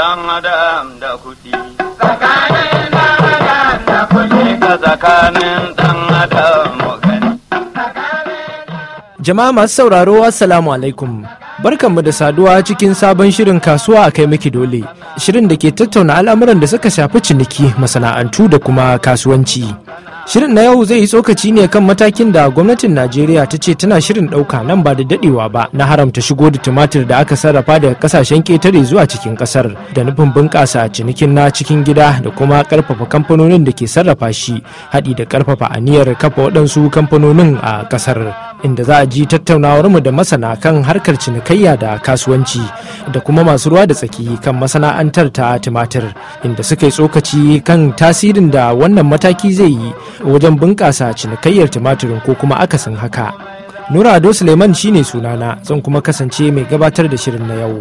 dan adam da kuɗi. Tsakanin dan adam da kuɗi. Jama'a masu sauraro Assalamu alaikum. Barkanmu da saduwa cikin sabon shirin kasuwa a kai miki dole. Shirin da ke tattauna al'amuran da suka shafi ciniki, masana'antu da kuma kasuwanci. Shirin na yau zai yi tsokaci ne kan matakin da gwamnatin Najeriya ta ce tana shirin ɗauka nan ba da daɗewa ba na haramta shigo da tumatir da aka sarrafa daga ƙasashen ƙetare zuwa cikin ƙasar da nufin bunƙasa cinikin na cikin gida da kuma ƙarfafa kamfanonin da ke sarrafa shi haɗi da ƙarfafa aniyar kafa waɗansu kamfanonin a ƙasar. inda za a ji tattaunawarmu da masana kan harkar cinikayya da kasuwanci da kuma masu ruwa da tsaki kan masana'antar ta tumatir inda suka yi tsokaci kan tasirin da wannan mataki zai yi wajen bunƙasa cinikayyar tumatirin ko kuma akasin haka nura ado suleiman shine sunana zan kuma kasance mai gabatar da shirin na yau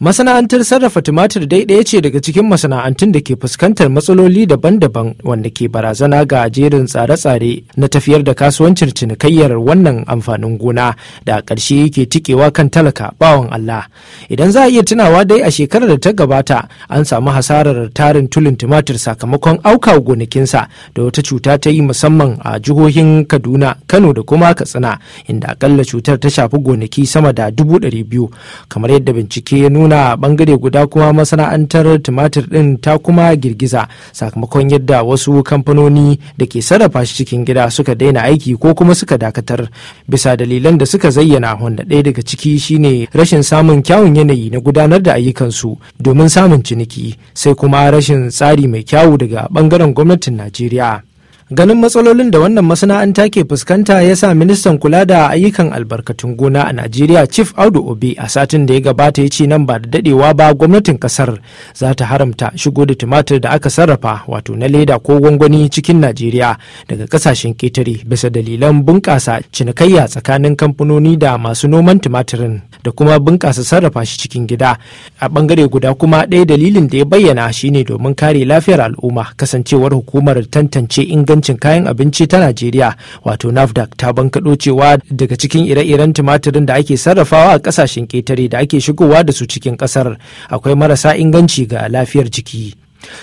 masana'antar sarrafa tumatir dai ce daga cikin masana'antun da ke fuskantar matsaloli daban-daban wanda ke barazana ga jerin tsare-tsare na tafiyar da kasuwancin cinikayyar wannan amfanin gona da a ƙarshe yake cikewa kan talaka bawan allah idan za a iya tunawa dai a shekarar da ta gabata an samu hasarar tarin tulin tumatir sakamakon auka gonakinsa da wata cuta ta yi musamman a jihohin kaduna kano da kuma katsina inda akalla cutar ta shafi gonaki sama da dubu ɗari biyu kamar yadda bincike ya nuna zauna bangare guda kuma masana'antar tumatir din ta kuma girgiza sakamakon yadda wasu kamfanoni da ke sarrafa shi cikin gida suka daina aiki ko kuma suka dakatar bisa dalilan da suka zayyana wanda ɗaya daga ciki shine rashin samun kyawun yanayi na gudanar da ayyukansu domin samun ciniki sai kuma rashin tsari mai kyawu daga bangaren gwamnatin najeriya ganin matsalolin da wannan masana'anta ke fuskanta ya sa ministan kula da ayyukan albarkatun gona a najeriya chief audu obi a satin da ya gabata ya ce nan ba da dadewa ba gwamnatin kasar za ta haramta shigo da tumatir da aka sarrafa wato na leda ko gwangwani cikin najeriya daga kasashen ketare bisa dalilan bunƙasa cinikayya tsakanin kamfanoni da masu noman tumatirin da kuma bunƙasa sarrafa shi cikin gida a bangare guda kuma ɗaya dalilin da ya bayyana shine domin kare lafiyar al'umma kasancewar hukumar tantance inganci cin kayan abinci ta Najeriya wato NAFDAC ta bankaɗo cewa daga cikin ire-iren tumatirin da ake sarrafawa a ƙasashen ƙetare da ake shigowa da su cikin ƙasar akwai marasa inganci ga lafiyar jiki.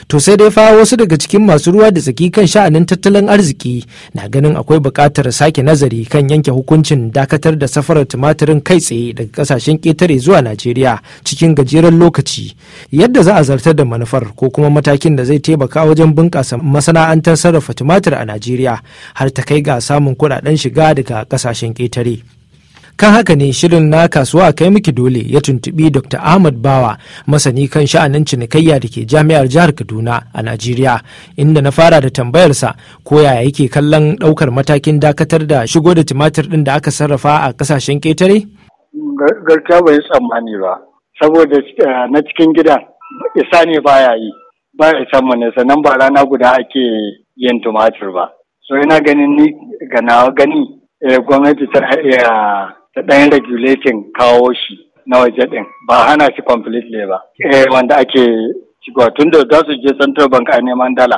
To sai dai fa wasu daga cikin masu ruwa da tsaki kan sha'anin tattalin arziki na ganin akwai buƙatar sake nazari kan yanke hukuncin dakatar da safarar tumatirin kai tsaye daga ƙasashen ƙetare zuwa Najeriya cikin gajeren lokaci. Yadda za a zartar da manufar ko kuma matakin da zai taimaka wajen bunƙasa masana'antar sarrafa tumatir a Najeriya har ta kai ga samun kuɗaɗen shiga daga ƙasashen ƙetare. kan haka ne shirin na kasuwa kai miki dole ya tuntubi dr ahmad bawa masani kan sha'anin cinikayya da ke jami'ar jihar kaduna a najeriya inda na fara da tambayarsa ko yaya yake kallon ɗaukar matakin dakatar da shigo da tumatir ɗin da aka sarrafa a kasashen ketare Gargajiya bai tsammani ba saboda eh, na cikin gidan isa ne baya yi ba isan mu ne sannan ba rana guda ake yin tumatir ba so ina ganin ni ga gani eh, gwamnati ta iya eh, da ɗan regulating kawo shi na waje ɗin ba hana shi completely ba eh wanda ake shigowa tun da za su je central bank a neman dala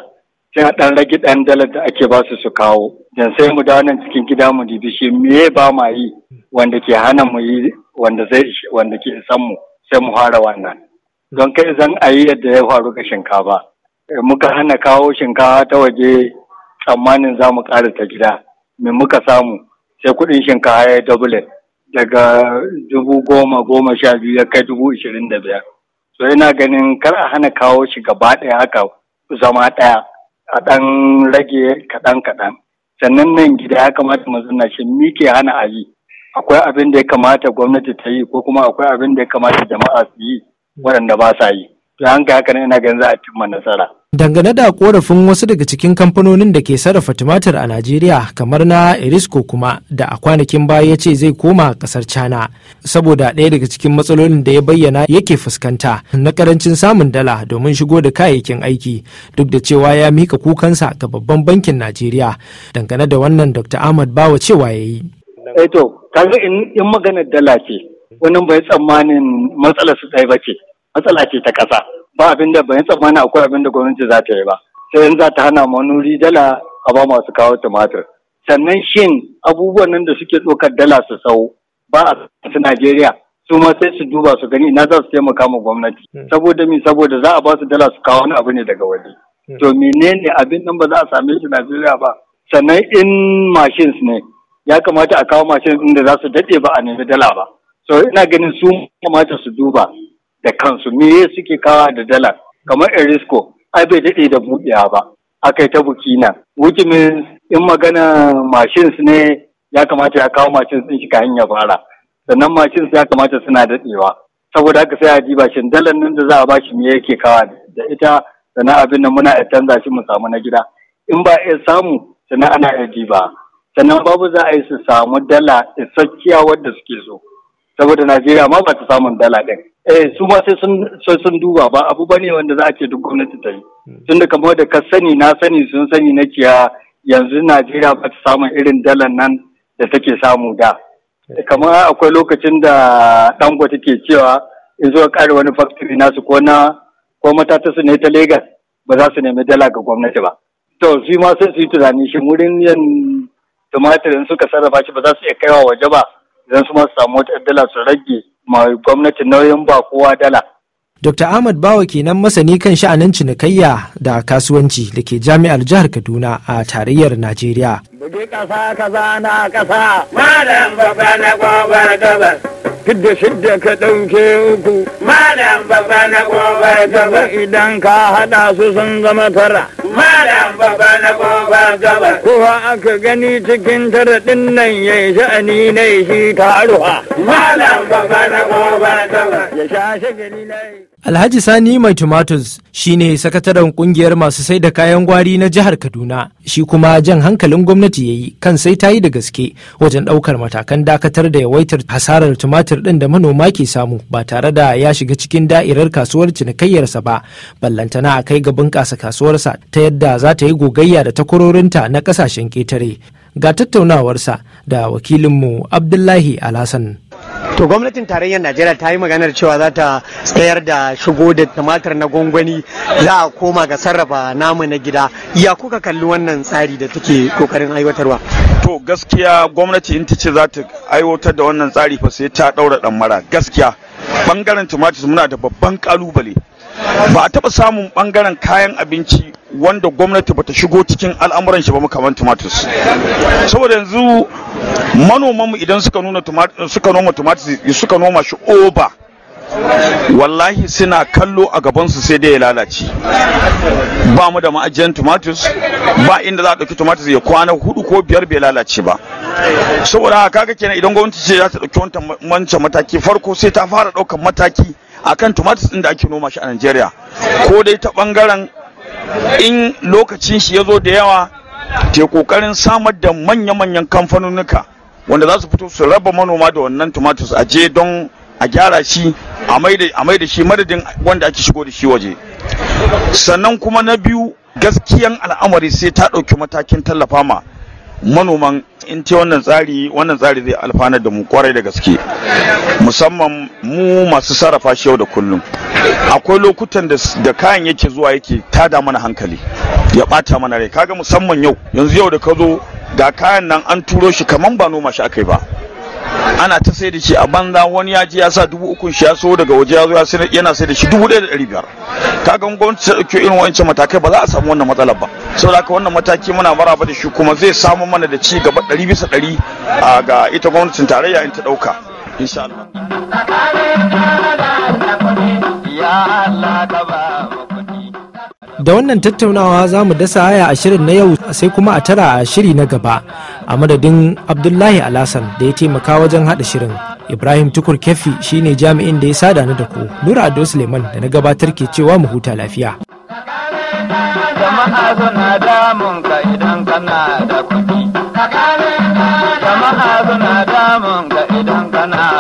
sai a ɗan rage ɗan dalar da ake ba su su kawo dan sai mu da nan cikin gida mu dibishi shi me ba ma yi wanda ke hana mu yi wanda zai wanda ke san mu sai mu fara wannan don kai zan a yi yadda ya faru ga shinkafa eh, muka hana kawo shinkafa ta waje tsammanin za mu ƙara ta gida me muka samu sai kuɗin shinkafa ya yi daga dubu goma goma sha biyu ya kai dubu ishirin da biyar so ina ganin kar a hana kawo shi gaba ɗaya haka zama ɗaya a ɗan rage kaɗan kaɗan sannan nan gida ya kamata mu zanna shi ke hana a yi akwai abin da ya kamata gwamnati ta yi ko kuma akwai abin da ya kamata jama'a su yi waɗanda ba sa yi to haka haka ne ina ganin za a cimma nasara dangane da korafin wasu daga cikin kamfanonin da ke sarrafa tumatir a najeriya kamar na erisco kuma da a kwanakin baya ya ce zai koma kasar china saboda ɗaya daga cikin matsalolin da ya bayyana yake fuskanta na karancin samun dala domin shigo da kayayyakin aiki duk da cewa ya mika kukansa ga babban bankin najeriya dangane da wannan dr ahmad bawa cewa ya yi eto eh maganar dala ce bai tsammanin su matsala ce ta ƙasa ba abin da bayan tsammani akwai abin da gwamnati za ta yi ba sai in za ta hana manuri dala a ba masu kawo tumatir sannan shin abubuwan nan da suke ɗaukar dala su sau ba a su Najeriya su ma sai su duba su gani ina za su taimaka ma gwamnati hmm. saboda mi saboda za a ba su dala su kawo wani abu ne daga waje hmm. to menene abin nan ba za a same shi Najeriya ba sannan in machines ne ya kamata a kawo machines inda za su daɗe ba a nemi dala ba so ina ganin su kamata su duba da kansu me ya suke kawa da dala kamar Erisko ai bai daɗe da buɗewa ba aka yi ta buki na which in magana machines ne ya kamata ya kawo machines ɗin shi ka hanya fara sannan machines ya kamata suna daɗewa saboda haka sai a diba shin dalar nan da za a bashi me yake kawa da ita sannan abin nan muna canza shi mu samu na gida in ba iya samu sannan ana iya ba. sannan babu za a yi su samu dala isakkiya wadda suke so saboda Najeriya ma ba ta samun dala ɗin. Eh su ma sai sun duba ba abu ba ne wanda za a ce duk gwamnati ta yi. Tunda kamar da ka sani na sani sun sani na kiya yanzu Najeriya ba ta samun irin dalan nan da take samu da. Kamar akwai lokacin da Dangote take cewa in zo ƙara wani factory nasu ko na ko su ne ta Legas ba za su nemi dala ga gwamnati ba. To su ma sai su yi tunani shi wurin yan tumatirin suka sarrafa shi ba za su iya kaiwa waje ba. idan su masu samu wata dala su rage ma gwamnati nauyin ba kowa dala. Dr. Ahmad Bawa kenan masani kan sha'anin cinikayya da kasuwanci da ke jami'ar jihar Kaduna a tarayyar Najeriya. Bugi ƙasa ka na ƙasa. Malam babba na gobar gabas. Kidda shidda ka ɗauke uku. Malam babba na gobar gabas. Idan ka haɗa su sun zama tara. malam baba na kowa gabar. Kowa aka gani cikin taraɗin nan ya yi sha'ani na shi taruwa. Malam baba na kowa ba. Ya sha shagali na yi. Alhaji Sani Mai Tomatoes shi ne sakataren kungiyar masu sai da kayan gwari na jihar Kaduna, shi kuma jan hankalin gwamnati ya yi kan sai ta yi da gaske wajen ɗaukar matakan dakatar da yawaitar hasarar tumatir ɗin da manoma ke samu ba tare da ya shiga cikin da'irar kasuwar cinikayyarsa ba, ballantana a kai ga bunƙasa kasuwarsa ta yadda za ta yi gogayya da takwarorinta na ƙasashen ƙetare. Ga tattaunawarsa da wakilinmu Abdullahi Alhassan. to gwamnatin tarayyar najeriya ta yi maganar cewa za ta tsayar da shigo da tumatir na gwangwani za a koma ga sarrafa namu na gida ya kuka kalli wannan tsari da take kokarin aiwatarwa to gaskiya gwamnati in ta ce za ta aiwatar da wannan tsari fa sai ta ɗaura ɗan mara gaskiya bangaren tumatir muna da babban ƙalubale. ba a taɓa samun ɓangaren kayan abinci wanda gwamnati ba ta shigo cikin al'amuran shi ba kamar tumatus saboda yanzu manomanmu idan suka nuna suka noma tumatus suka noma shi oba wallahi suna kallo a gabansu sai dai ya lalace ba mu da ma'ajiyar tumatus ba inda za a ɗauki tumatus ya kwana hudu ko biyar bai lalace ba saboda haka kaga kenan idan gwamnati ce za ta ɗauki wancan mataki farko sai ta fara ɗaukar mataki akan tumatir din da ake noma shi a Najeriya ko dai ta bangaren in lokacin shi ya zo da yawa te kokarin samar da manya-manyan kamfanonuka wanda za su fito su raba manoma da wannan tumatir a je don a gyara shi a mai da shi madadin wanda ake shigo da shi waje sannan kuma na biyu gaskiyan al'amari sai ta ɗauki matakin tallafa ma manoman in ce wannan tsari wannan tsari zai alfanar da mu kwarai da gaske musamman mu masu sarrafa shi yau da kullum akwai lokutan da kayan yake zuwa yake tada mana hankali ya bata mana rai kaga musamman yau yanzu yau da ka zo ga kayan nan an turo shi kaman ba noma shi aka yi ba ana ta sai da shi a banza wani ya je ya sa dubu uku shi ya so daga waje ya zo yana sai da shi dubu ɗaya da ɗari biyar ga gwamnati ta ɗauki irin wancan matakai ba za a samu wannan matsalar ba saboda haka wannan mataki muna maraba da shi kuma zai samu mana da ci gaba ɗari bisa ɗari ga ita gwamnatin tarayya in ta ɗauka insha da wannan tattaunawa za mu dasa haya a shirin na yau sai kuma a tara a shiri na gaba a madadin abdullahi alasan da ya taimaka wajen haɗa shirin ibrahim tukur kefi shine jami'in da ya sada ni da ku nura ado suleiman da na gabatar ke cewa mu huta lafiya jama'a suna damun